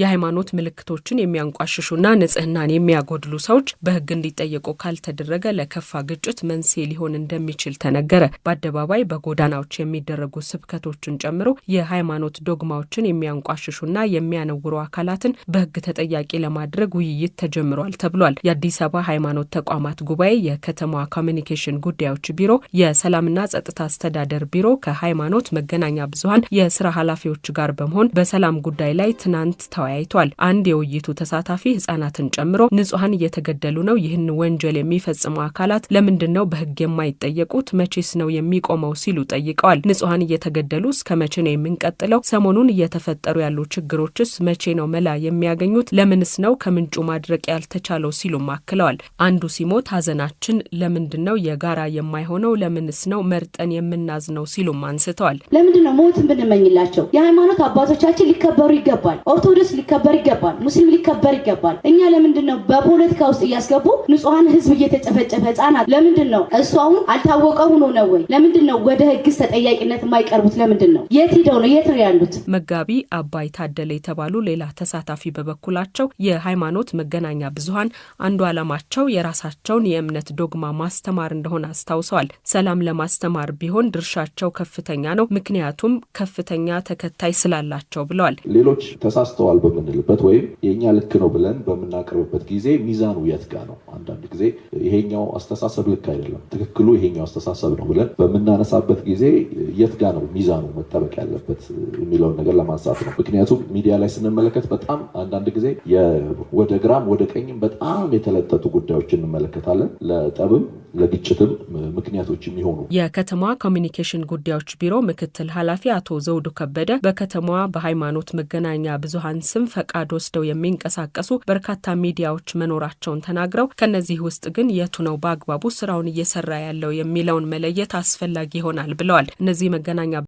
የሃይማኖት ምልክቶችን የሚያንቋሽሹና ንጽህናን የሚያጎድሉ ሰዎች በህግ እንዲጠየቁ ካልተደረገ ለከፋ ግጭት መንስኤ ሊሆን እንደሚችል ተነገረ። በአደባባይ በጎዳናዎች የሚደረጉ ስብከቶችን ጨምሮ የሃይማኖት ዶግማዎችን የሚያንቋሽሹና የሚያነውሩ አካላትን በህግ ተጠያቂ ለማድረግ ውይይት ተጀምሯል ተብሏል። የአዲስ አበባ ሃይማኖት ተቋማት ጉባኤ፣ የከተማዋ ኮሚኒኬሽን ጉዳዮች ቢሮ፣ የሰላምና ጸጥታ አስተዳደር ቢሮ ከሃይማኖት መገናኛ ብዙሀን የስራ ኃላፊዎች ጋር በመሆን በሰላም ጉዳይ ላይ ትናንት ተዋል ተወያይቷል። አንድ የውይይቱ ተሳታፊ ህጻናትን ጨምሮ ንጹሐን እየተገደሉ ነው፣ ይህን ወንጀል የሚፈጽሙ አካላት ለምንድን ነው በህግ የማይጠየቁት? መቼስ ነው የሚቆመው? ሲሉ ጠይቀዋል። ንጹሐን እየተገደሉ እስከ መቼ ነው የምንቀጥለው? ሰሞኑን እየተፈጠሩ ያሉ ችግሮችስ መቼ ነው መላ የሚያገኙት? ለምንስ ነው ከምንጩ ማድረቅ ያልተቻለው? ሲሉም አክለዋል። አንዱ ሲሞት ሀዘናችን ለምንድን ነው የጋራ የማይሆነው? ለምንስ ነው መርጠን የምናዝነው? ሲሉም አንስተዋል። ለምንድን ነው ሞትን ብንመኝላቸው? የሃይማኖት አባቶቻችን ሊከበሩ ይገባል። ኦርቶዶክስ ሊከበር ይገባል፣ ሙስሊም ሊከበር ይገባል። እኛ ለምንድን ነው በፖለቲካ ውስጥ እያስገቡ ንጹሐን ህዝብ እየተጨፈጨፈ ህጻናት? ለምንድን ነው እሱ አሁን አልታወቀ ሆኖ ነው ወይ? ለምንድን ነው ወደ ህግስ ተጠያቂነት የማይቀርቡት? ለምንድን ነው የት ሂደው ነው የት ነው ያሉት? መጋቢ አባይ ታደለ የተባሉ ሌላ ተሳታፊ በበኩላቸው የሃይማኖት መገናኛ ብዙሀን አንዱ አላማቸው የራሳቸውን የእምነት ዶግማ ማስተማር እንደሆነ አስታውሰዋል። ሰላም ለማስተማር ቢሆን ድርሻቸው ከፍተኛ ነው፣ ምክንያቱም ከፍተኛ ተከታይ ስላላቸው ብለዋል። ሌሎች ተሳስተዋል በምንልበት ወይም የእኛ ልክ ነው ብለን በምናቀርብበት ጊዜ ሚዛኑ የት ጋ ነው? አንዳንድ ጊዜ ይሄኛው አስተሳሰብ ልክ አይደለም፣ ትክክሉ ይሄኛው አስተሳሰብ ነው ብለን በምናነሳበት ጊዜ የት ጋ ነው ሚዛኑ መጠበቅ ያለበት የሚለውን ነገር ለማንሳት ነው። ምክንያቱም ሚዲያ ላይ ስንመለከት በጣም አንዳንድ ጊዜ ወደ ግራም ወደ ቀኝም በጣም የተለጠጡ ጉዳዮች እንመለከታለን። ለጠብም ለግጭትም ምክንያቶች የሚሆኑ የከተማ ኮሚኒኬሽን ጉዳዮች ቢሮ ምክትል ኃላፊ አቶ ዘውዱ ከበደ በከተማዋ በሃይማኖት መገናኛ ብዙሃን ስም ፈቃድ ወስደው የሚንቀሳቀሱ በርካታ ሚዲያዎች መኖራቸውን ተናግረው ከነዚህ ውስጥ ግን የቱ ነው በአግባቡ ስራውን እየሰራ ያለው የሚለውን መለየት አስፈላጊ ይሆናል ብለዋል። እነዚህ መገናኛ